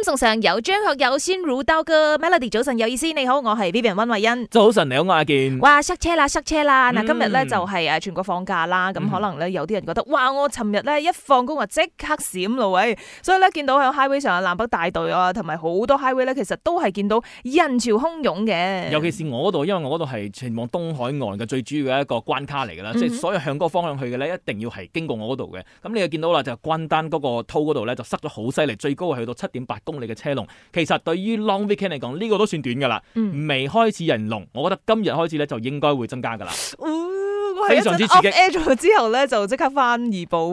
咁仲上有張學友先魯刀歌，Melody 早晨有意思，你好，我係 Vivian 溫慧欣。早晨你好，我阿健。哇塞車啦塞車啦，嗱、嗯、今日咧就係、是、啊全國放假啦，咁、嗯嗯、可能咧有啲人覺得，哇我尋日咧一放工啊即刻閃咯，所以咧見到喺 Highway 上啊南北大道啊同埋好多 Highway 咧，其實都係見到人潮洶湧嘅。尤其是我嗰度，因為我嗰度係前往東海岸嘅最主要嘅一個關卡嚟噶啦，即係、嗯、所、所有向嗰個方向去嘅咧，一定要係經過我嗰度嘅。咁你就見到啦，就是、關丹嗰個 toll 嗰度咧就塞咗好犀利，最高係去到七點八。公里嘅車龍，其實對於 long weekend 嚟講，呢、這個都算短噶啦。嗯、未開始人龍，我覺得今日開始咧就應該會增加噶啦。嗯、非常之刺激。後之後咧就即刻翻二保。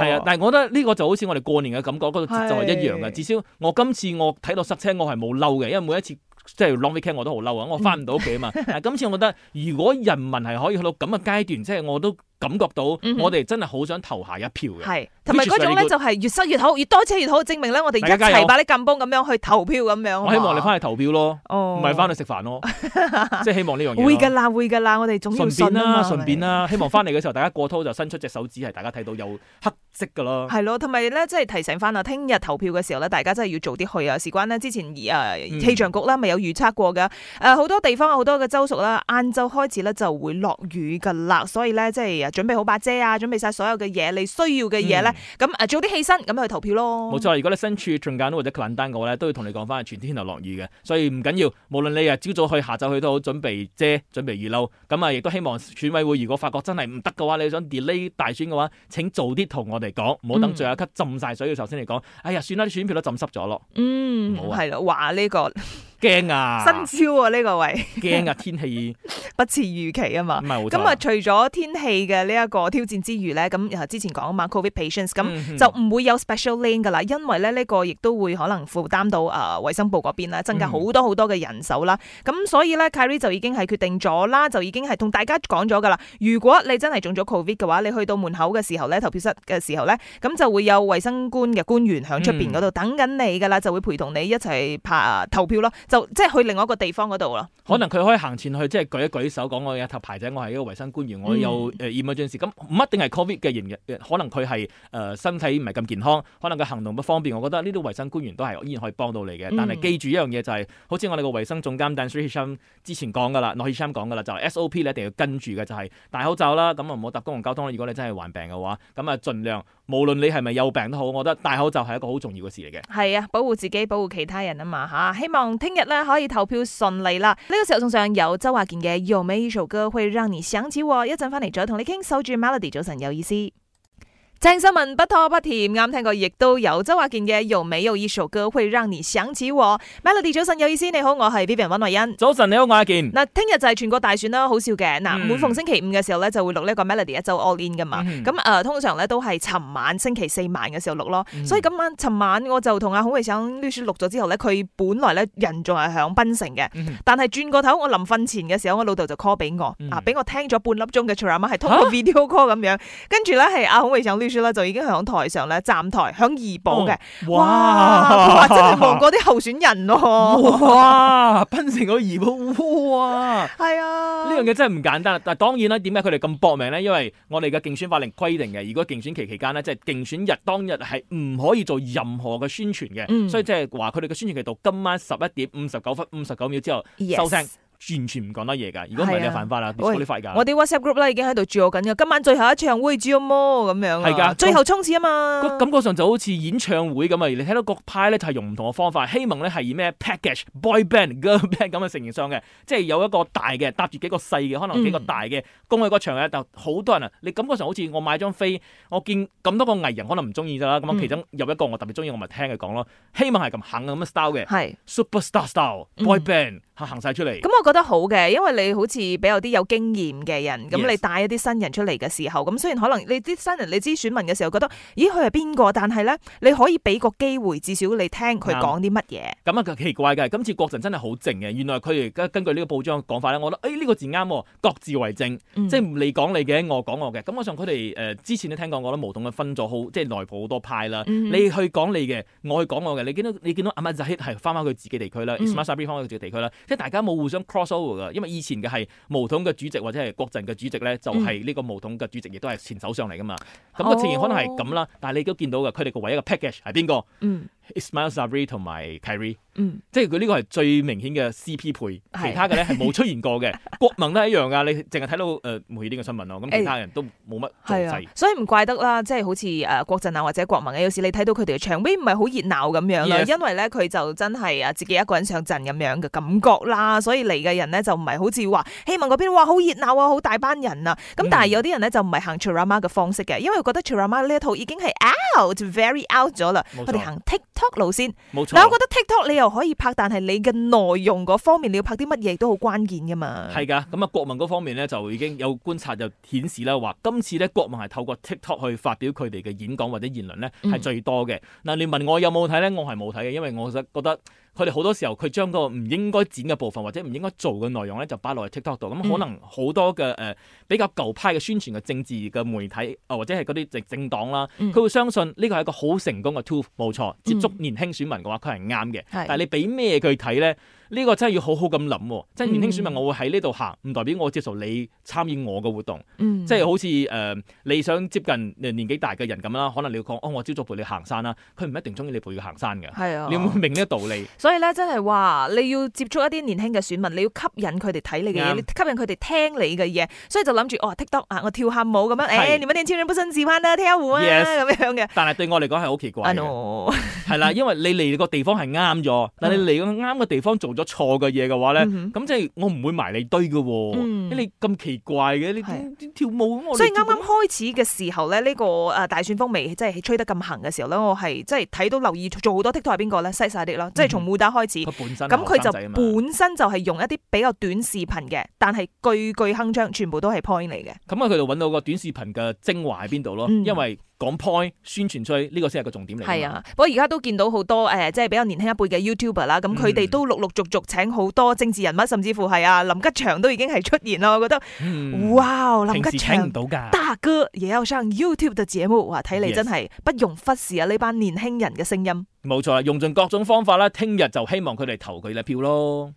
係啊，但係我覺得呢個就好似我哋過年嘅感覺，嗰、那個節奏就係一樣嘅。是至少我今次我睇到塞車，我係冇嬲嘅，因為每一次即係 long weekend 我都好嬲啊，我翻唔到屋企啊嘛。嗯、 但係今次我覺得，如果人民係可以去到咁嘅階段，即、就、係、是、我都。感覺到我哋真係好想投下一票嘅，係同埋嗰種咧就係越塞越好，越多車越好，證明咧我哋一齊把你禁崩咁樣去投票咁樣。我希望你翻去投票咯，唔係翻去食飯咯， 即係希望呢樣嘢。會㗎啦，會㗎啦，我哋總要順便啦，順便啦。希望翻嚟嘅時候， 大家過濾就伸出隻手指，係大家睇到有黑色㗎咯。係咯，同埋咧即係提醒翻啊，聽日投票嘅時候咧，大家真係要早啲去啊，事關呢，之前而啊氣象局咧咪有預測過嘅，誒好、嗯、多地方好多嘅州屬啦，晏晝開始咧就會落雨㗎啦，所以咧即係。準備好把遮啊，準備晒所有嘅嘢，你需要嘅嘢咧，咁啊早啲起身咁去投票咯。冇錯，如果你身處中間或者近單嘅話咧，都要同你講翻，全天頭落雨嘅，所以唔緊要。無論你啊朝早去，下晝去都好，準備遮，準備雨褸。咁啊，亦都希望選委會如果發覺真係唔得嘅話，你想 delay 大選嘅話，請早啲同我哋講，唔好等最後一刻浸晒水嘅時候先嚟講。哎呀，算啦，啲選票都浸濕咗咯。嗯，係咯，啊，話呢個。 驚啊！新超啊！呢個位驚 啊！天氣 不似預期 啊嘛。咁啊，除咗天氣嘅呢一個挑戰之餘咧，咁之前講啊嘛，COVID patients，咁就唔會有 special lane 噶啦，因為咧呢、這個亦都會可能負擔到啊衛、呃、生部嗰邊咧，增加好多好多嘅人手啦。咁、嗯、所以咧 Carrie 就已經係決定咗啦，就已經係同大家講咗噶啦。如果你真係中咗 COVID 嘅話，你去到門口嘅時候咧，投票室嘅時候咧，咁就會有衛生官嘅官員喺出邊嗰度等緊你噶啦，嗯、就會陪同你一齊拍、啊、投票咯。就即係去另外一個地方嗰度咯，可能佢可以行前去，即係舉一舉手講我有一頭牌仔，我係一個衞生官員，我有誒義務進，咁唔一定係 Covid 嘅型嘅，可能佢係誒身體唔係咁健康，可能個行動不方便。我覺得呢啲衞生官員都係依然可以幫到你嘅，但係記住一樣嘢就係、是，好似我哋個衞生總監 Dan r、嗯、之前講噶啦，內地 c h 講噶啦，就 SOP 你一定要跟住嘅就係、是、戴口罩啦，咁啊唔好搭公共交通。如果你真係患病嘅話，咁啊盡量。無論你係咪有病都好，我覺得戴口罩係一個好重要嘅事嚟嘅。係啊，保護自己，保護其他人啊嘛吓。希望聽日咧可以投票順利啦。呢、這個時候送上由周華健嘅《有沒有一首歌會讓你想起我》一陣。一陣翻嚟再同你傾。守住 Melody，早晨有意思。正新聞不拖不甜，啱聽過，亦都有周華健嘅《有沒有一首歌會讓你想起我》Melody。Melody 早晨有意思，你好，我係 Vivian 溫慧欣。早晨你好，我係阿健。嗱，聽日就係全國大選啦，好笑嘅。嗱、嗯，每逢星期五嘅時候咧，就會錄呢個 Melody 一周 All In 噶嘛、嗯。咁誒、呃，通常咧都係尋晚星期四晚嘅時候錄咯。嗯、所以咁晚，尋、嗯、晚我就同阿孔偉祥律師錄咗之後咧，佢本來咧人仲係響檳城嘅，嗯、但係轉個頭，我臨瞓前嘅時候，我老豆就 call 俾我，嗯、啊，俾我聽咗半粒鐘嘅《係通過 video call 咁樣，啊、跟住咧係阿孔偉祥啦，就已經喺台上咧站台，響怡保嘅、哦，哇！真係忙過啲候選人咯、啊，哇！奔成個怡保，哇！係啊，呢樣嘢真係唔簡單啊！但係當然啦，點解佢哋咁搏命咧？因為我哋嘅競選法令規定嘅，如果競選期期間咧，即係競選日當日係唔可以做任何嘅宣傳嘅，嗯、所以即係話佢哋嘅宣傳期到今晚十一點五十九分五十九秒之後 Yes. 收聲。完全唔講得嘢㗎，如果唔係你犯法啦，我哋法噶。我哋 WhatsApp group 已經喺度住我緊㗎，今晚最後一場 Will y Move 咁樣、啊。係㗎的，最後衝刺啊嘛！感覺上就好似演唱會咁啊，你睇到各派咧就係用唔同嘅方法，希望咧係以咩 package boy band girl band 咁嘅成員商嘅，即係有一個大嘅搭住幾個細嘅，可能幾個大嘅、嗯、公開個場嘅就好多人啊！你感覺上好似我買張飛，我見咁多個藝人可能唔中意㗎啦，咁啊、嗯、其中有一個我特別中意，我咪聽佢講咯。希望係咁狠咁嘅 style 嘅是，super star style、嗯、boy band 行晒出嚟。嗯覺得好嘅，因為你好似比較啲有經驗嘅人，咁你 Yes. 帶一啲新人出嚟嘅時候，咁雖然可能你啲新人你知選民嘅時候覺得，咦佢係邊個？但係咧，你可以俾個機會，至少你聽佢講啲乜嘢。咁啊、嗯嗯、奇怪嘅，今次國陣真係好靜嘅。原來佢哋根根據呢個報章講法咧，我覺得，哎呢、這個字啱，各自為政，嗯、即係你講你嘅，我講我嘅。咁我上佢哋誒之前都聽講過都冇同佢分咗好，即係內部好多派啦。嗯、你去講你嘅，我去講我嘅。你見到你見到阿馬澤係翻翻佢自己地區啦，伊地區啦，即係、嗯、大家冇互相。so 嘅因為以前嘅係巫統嘅主席或者係國陣嘅主席咧，就係呢個巫統嘅主席，亦都係前首相嚟噶嘛。咁個情形可能係咁啦，oh. 但係你都見到嘅，佢哋個唯一嘅 package 係邊個？嗯。Ismail Sabri 同埋 Terry 嗯，即係佢呢個係最明顯嘅 CP 配，其他嘅咧係冇出現過嘅。國盟都係一樣噶，你淨係睇到誒媒體嘅新聞咯。咁其他人都冇乜控制，所以唔怪得啦，即係好似誒國陣啊或者國盟有時你睇到佢哋嘅場面唔係好熱鬧咁樣啦，因為咧佢就真係啊自己一個人上陣咁樣嘅感覺啦，所以嚟嘅人咧就唔係好似話希盟嗰邊哇好熱鬧啊好大班人啊，咁但係有啲人咧就唔係行 ceramah 嘅方式嘅，因為覺得 ceramah 呢一套已經係 out very out 咗啦，佢哋行 take talk 路線，嗱，冇錯，我覺得 TikTok 你又可以拍，但係你嘅內容嗰方面你要拍啲乜嘢都好關鍵㗎嘛。係㗎，咁啊國民嗰方面咧就已經有觀察就顯示啦，話今次咧國民係透過 TikTok 去發表佢哋嘅演講或者言論咧係最多嘅。嗱、嗯，你問我有冇睇咧，我係冇睇嘅，因為我覺得。佢哋好多時候，佢將嗰個唔應該剪嘅部分或者唔應該做嘅內容咧，就擺落去 TikTok 度。咁可能好多嘅誒、嗯呃、比較舊派嘅宣傳嘅政治嘅媒體啊、呃，或者係嗰啲政政黨啦，佢、嗯、會相信呢個係一個好成功嘅 tool，冇錯，接觸、嗯、年輕選民嘅話，佢係啱嘅。但係你俾咩佢睇咧？呢個真係要好好咁諗、哦，即係年輕選民，我會喺呢度行，唔、嗯、代表我接受你參與我嘅活動，嗯、即係好似誒、呃、你想接近年紀大嘅人咁啦，可能你要講哦，我朝早陪你行山啦、啊，佢唔一定中意你陪佢行山嘅，啊、你會唔會明呢個道理？所以咧，真係話你要接觸一啲年輕嘅選民，你要吸引佢哋睇你嘅嘢，嗯、吸引佢哋聽你嘅嘢，所以就諗住哦 TikT、啊、ok 我跳下舞咁樣，是哎、你年萬年千兩不勝自玩啦、啊，聽下胡啊咁 yes, 樣嘅。但係對我嚟講係好奇怪嘅，係啦 I know. 因為你嚟個地方係啱咗，但係你嚟個啱嘅地方做咗錯嘅嘢嘅話咧，咁即係我唔會埋、哦嗯、你堆嘅喎。你咁奇怪嘅，你跳舞咁我舞所以啱啱開始嘅時候咧，呢、嗯、哼個誒大旋風未即係吹得咁行嘅時候咧，我係即係睇到留意做好多 TikTok 到係邊個咧，西晒啲咯，嗯、哼即係從武打開始。咁佢就本身就係用一啲比較短視頻嘅，但係句句鏗鏘，全部都係 point 嚟嘅。咁啊、嗯哼，佢就揾到個短視頻嘅精華喺邊度咯，因為。講 point 宣傳出去，呢個先係個重點嚟。係啊，不過而家都見到好多誒、呃，即係比較年輕一輩嘅 YouTuber 啦、嗯。咁佢哋都陸陸續續請好多政治人物，甚至乎係啊林吉祥都已經係出現咯。我覺得，嗯、哇，林吉祥唔到㗎，大哥也有上 YouTube 嘅節目，哇，睇嚟真係不容忽視啊！呢班 Yes. 年輕人嘅聲音冇錯啊，用盡各種方法啦。聽日就希望佢哋投佢嘅票咯。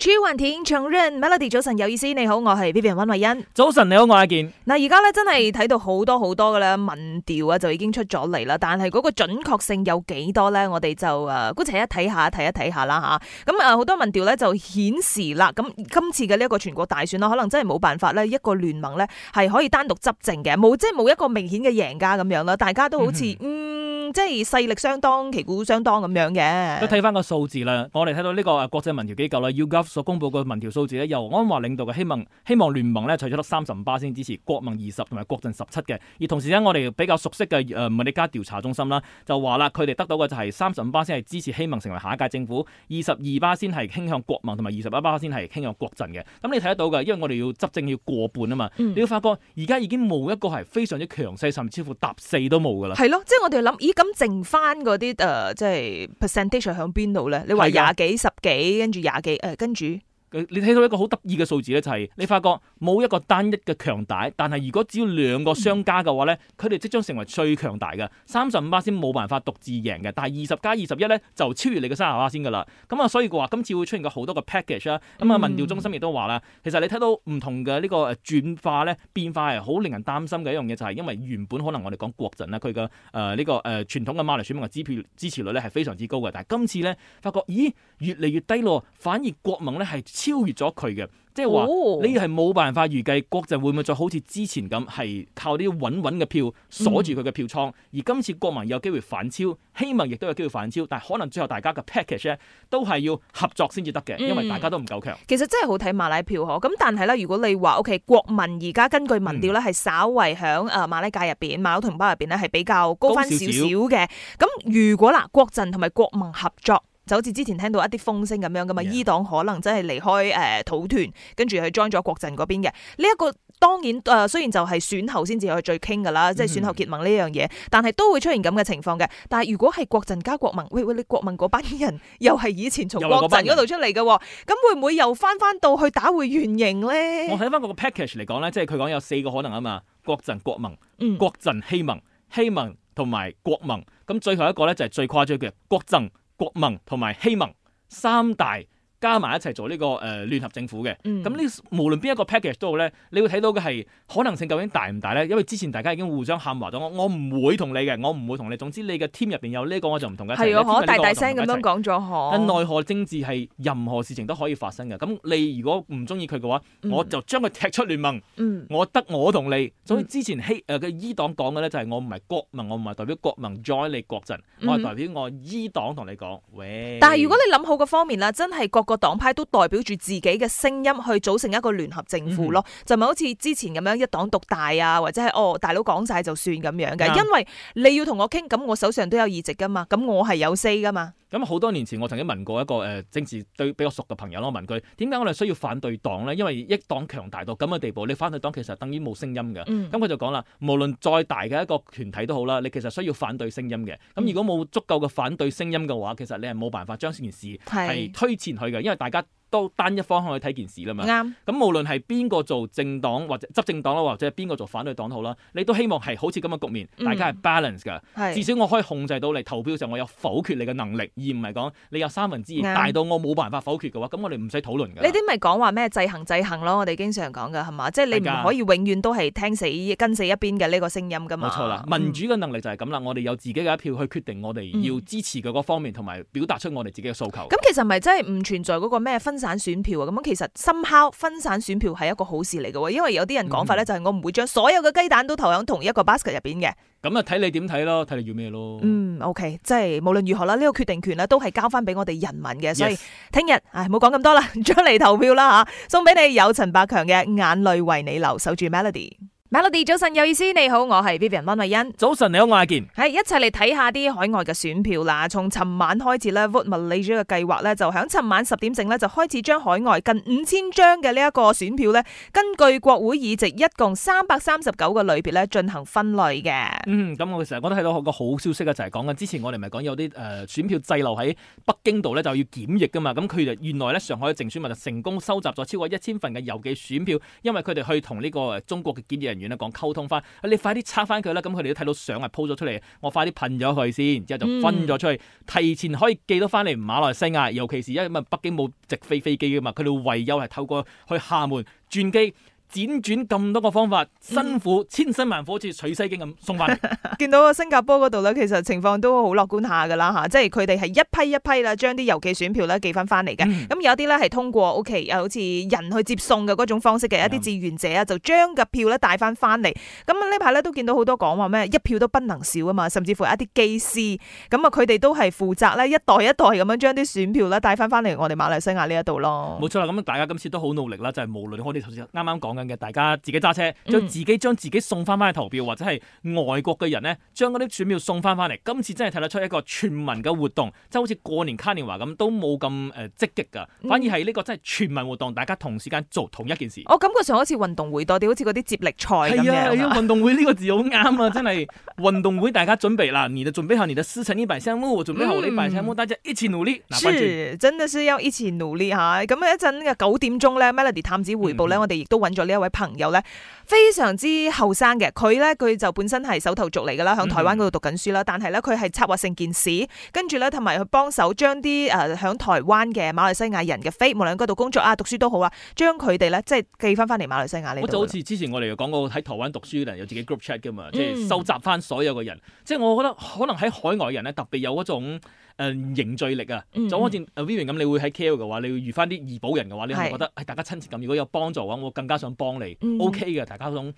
Two One t e r Melody 早晨有意思，你好，我係 Vivian 溫慧欣。早晨你好，我係阿健。嗱，而家咧真係睇到好多好多嘅啦民調啊，就已經出咗嚟啦。但係嗰個準確性有幾多咧？我哋就誒，姑、呃、且一睇下，睇一睇下啦吓。咁、呃、啊，好多民調咧就顯示啦，咁今次嘅呢一個全國大選啦，可能真係冇辦法咧，一個聯盟咧係可以單獨執政嘅，冇即係冇一個明顯嘅贏家咁樣啦。大家都好似嗯。即係勢力相當，旗鼓相當咁樣嘅。睇翻個數字啦，我哋睇到呢個誒國際民調機構啦 YouGov 所公布個民調數字咧，由安華領導嘅希盟希望聯盟咧，取咗得三十五巴先，支持國盟二十，同埋國陣十七嘅。而同時咧，我哋比較熟悉嘅誒、呃、民力家調查中心啦，就話啦，佢哋得到嘅就係三十五巴先係支持希望成為下一屆政府，二十二巴先係傾向國盟，同埋二十一巴先係傾向國陣嘅。咁你睇得到嘅，因為我哋要執政要過半啊嘛。嗯、你要發覺而家已經冇一個係非常之強勢，甚至乎搭四都冇噶啦。係咯，即係我哋諗咁剩翻嗰啲誒即係 percentage 響邊度咧？你話廿幾十幾跟住廿幾誒跟住。你睇到一個好得意嘅數字咧，就係、是、你發覺冇一個單一嘅強大，但係如果只要兩個商家嘅話咧，佢哋即將成為最強大嘅。三十五巴先冇辦法獨自贏嘅，但係二十加二十一咧就超越你嘅三十巴先噶啦。咁啊，所以嘅話今次會出現個好多個 package 啦。咁啊，民調中心亦都話啦，其實你睇到唔同嘅呢個誒轉化咧變化係好令人擔心嘅一樣嘢，就係、是、因為原本可能我哋講國陣啦，佢嘅誒呢個誒、呃、傳統嘅馬來選民嘅支票支持率咧係非常之高嘅，但係今次咧發覺咦越嚟越低咯，反而國盟咧係。超越咗佢嘅，即係話你係冇辦法預計國陣會唔會再好似之前咁，係靠啲穩穩嘅票鎖住佢嘅票倉，而今次國民有機會反超，希望亦都有機會反超，但係可能最後大家嘅 package 咧都係要合作先至得嘅，因為大家都唔夠強。其實真係好睇馬拉票嗬，咁但係咧，如果你話 OK，國民而家根據民調咧係稍為響誒馬拉界入邊，馬佬同胞入邊咧係比較高翻少少嘅。咁如果嗱，國陣同埋國民合作。就好似之前聽到一啲風聲咁樣噶嘛，伊 Yeah. 黨可能真係離開誒、呃、土團，跟住去 join 咗國陣嗰邊嘅。呢、這、一個當然誒、呃，雖然就係選後先至去最傾噶啦，mm hmm. 即係選後結盟呢樣嘢，但係都會出現咁嘅情況嘅。但係如果係國陣加國盟，喂喂，你國盟嗰班人又係以前從國陣嗰度出嚟嘅、啊，咁會唔會又翻翻到去打回原形咧？我睇翻嗰個 package 嚟講咧，即係佢講有四個可能啊嘛，國陣、國盟、國陣、希盟、希盟同埋國盟。咁、mm hmm. 最後一個咧就係最誇張嘅國陣。國盟同埋希盟三大，加埋一齊做呢個誒聯合政府嘅，咁呢無論邊一個 package 都好咧，你會睇到嘅係可能性究竟大唔大咧？因為之前大家已經互相喊話咗，我唔會同你嘅，我唔會同你。總之你嘅 team 入邊有呢個，我就唔同你。係啊，我大大聲咁樣講咗可。奈何政治係任何事情都可以發生嘅，咁你如果唔中意佢嘅話，我就將佢踢出聯盟。嗯，我得我同你。所以之前希誒嘅伊黨講嘅咧就係我唔係國民，我唔係代表國民 join 你國陣，我係代表我伊黨同你講。喂！但係如果你諗好個方面啦，真係國。個黨派都代表住自己嘅聲音去組成一個聯合政府咯，mm hmm. 就唔係好似之前咁樣一黨獨大啊，或者係哦大佬講晒就算咁樣嘅，Yeah. 因為你要同我傾，咁我手上都有議席噶嘛，咁我係有 say 噶嘛。咁好多年前我曾經問過一個誒、呃、政治對比較熟嘅朋友咯，問佢點解我哋需要反對黨咧？因為一黨強大到咁嘅地步，你反對黨其實等於冇聲音嘅。咁佢、嗯、就講啦，無論再大嘅一個團體都好啦，你其實需要反對聲音嘅。咁如果冇足夠嘅反對聲音嘅話，嗯、其實你係冇辦法將呢件事係推前去嘅，因為大家都單一方向去睇件事啦嘛，啱、嗯。咁無論係邊個做政黨或者執政黨啦，或者邊個做反對黨好啦，你都希望係好似咁嘅局面，嗯、大家係 balance 噶，是至少我可以控制到你投票嘅時候，我有否決你嘅能力，而唔係講你有三分之二、嗯、大到我冇辦法否決嘅話，咁我哋唔使討論㗎。呢啲咪講話咩制衡制衡咯？我哋經常講嘅係嘛，即係、就是、你唔可以永遠都係聽死跟死一邊嘅呢個聲音㗎嘛。冇、嗯、錯啦，民主嘅能力就係咁啦。嗯、我哋有自己嘅一票去決定我哋要支持嘅嗰方面，同埋、嗯、表達出我哋自己嘅訴求。咁其實咪真係唔存在嗰個咩分散選票啊，咁其實深拋分散選票係一個好事嚟嘅，因為有啲人講法咧就係我唔會將所有嘅雞蛋都投響同一個 basket 入邊嘅。咁啊睇你點睇咯，睇你要咩咯。嗯，OK，即係無論如何啦，呢個決定權咧都係交翻俾我哋人民嘅，所以聽日唉冇講咁多啦，將 嚟投票啦吓，送俾你有陳百強嘅眼淚為你流，守住 Melody。Melody，早晨有意思，你好，我係 Vivian 溫慧欣。早晨，你好，我係阿健。係，一齊嚟睇下啲海外嘅選票啦。從尋晚開始咧，Vote Malaysia 嘅計劃咧就喺尋晚十點整咧就開始將海外近五千張嘅呢一個選票咧，根據國會議席一共三百三十九個類別咧進行分類嘅。嗯，咁我成日覺得睇到一個好消息啊，就係、是、講緊之前我哋咪講有啲誒選票滯留喺北京度咧就要檢疫噶嘛，咁佢原來咧上海嘅政選民就成功收集咗超過一千份嘅郵寄選票，因為佢哋去同呢個中國嘅檢疫人員咧講溝通翻、啊，你快啲測翻佢啦，咁佢哋都睇到相係鋪咗出嚟，我快啲噴咗佢先，然之後就分咗出去，提前可以寄到翻嚟馬來西亞，尤其是因為北京冇直飛飛機㗎嘛，佢哋唯有係透過去廈門轉機。輾轉咁多個方法，辛苦千辛萬苦，好似取西經咁送翻嚟。 見到新加坡嗰度咧，其實情況都好樂觀下噶啦吓，即係佢哋係一批一批啦，將啲郵寄選票咧寄翻翻嚟嘅。咁、嗯、有啲咧係通過 O.K. 又好似人去接送嘅嗰種方式嘅，嗯、一啲志願者啊，就將個票咧帶翻翻嚟。咁呢排咧都見到好多講話咩，一票都不能少啊嘛，甚至乎一啲機師咁啊，佢哋都係負責咧一代一代咁樣將啲選票咧帶翻翻嚟我哋馬來西亞呢一度咯。冇錯啦，咁大家今次都好努力啦，就係、是、無論我哋頭先啱啱講。大家自己揸車，將自己將自己送翻翻去投票，或者係外國嘅人呢，將嗰啲選票送翻翻嚟。今次真係睇得出一個全民嘅活動，即係好似過年嘉年華咁，都冇咁誒積極噶，反而係呢個真係全民活動，大家同時間做同一件事。我感覺上一次運動會多啲，好似嗰啲接力賽咁樣。係啊，運動會呢個字好啱啊！真係 運動會，大家準備啦，你準備下你的思成呢排項目，準備下我呢排項目，大家一起努力。是，真的需要一起努力嚇。咁是、啊、一陣嘅九點鐘呢 Melody 探子回報呢，嗯、我哋亦都揾咗。呢一位朋友咧，非常之後生嘅。佢咧，佢就本身係手頭族嚟噶啦，響台灣嗰度讀緊書啦。嗯、但係咧，佢係策劃成件事，跟住咧，同埋去幫手將啲誒響台灣嘅馬來西亞人嘅飛，無論喺度工作啊、讀書都好啊，將佢哋咧，即係寄翻翻嚟馬來西亞。我就好似之前我哋講過喺台灣讀書啦，有自己 group chat 噶嘛，即係收集翻所有嘅人。嗯、即係我覺得可能喺海外人咧，特別有嗰種誒、呃、凝聚力啊。嗯、就好似 Vivian 咁，你會喺 KL 嘅話，你會遇翻啲怡保人嘅話，你會，會覺得大家親切感。如果有幫助嘅話，我更加想，幫你、嗯、OK 嘅，大家嗰種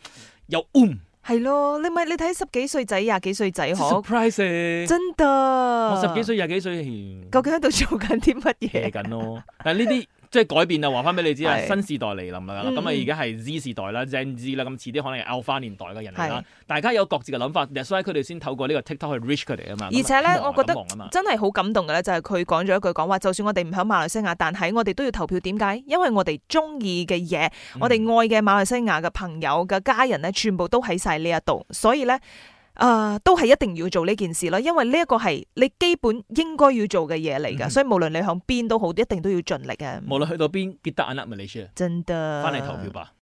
又安係咯，你咪你睇十幾歲仔、廿幾歲仔嗬，surprising，真嘅，我十幾歲、廿幾歲，幾歲哎、究竟喺度做緊啲乜嘢緊咯？但係呢啲。即係改變啊！話翻俾你知啊，是新時代嚟臨啦，咁啊而家係 Z 時代啦、Gen Z 啦，咁遲啲可能係 Alpha 年代嘅人嚟啦。是大家有各自嘅諗法，所以佢哋先透過呢個 TikTok 去 reach 佢哋啊嘛。而且咧，哇我覺得真係好感動嘅咧，就係、是、佢講咗一句講話，就算我哋唔喺馬來西亞，但係我哋都要投票，點解？因為我哋中意嘅嘢，嗯、我哋愛嘅馬來西亞嘅朋友嘅家人咧，全部都喺晒呢一度，所以咧。啊，都係一定要做呢件事啦，因為呢一個係你基本應該要做嘅嘢嚟噶，嗯、哼所以無論你響邊都好，一定都要盡力嘅。無論去到邊，記得阿叻馬來西亞，真的。翻嚟投票吧。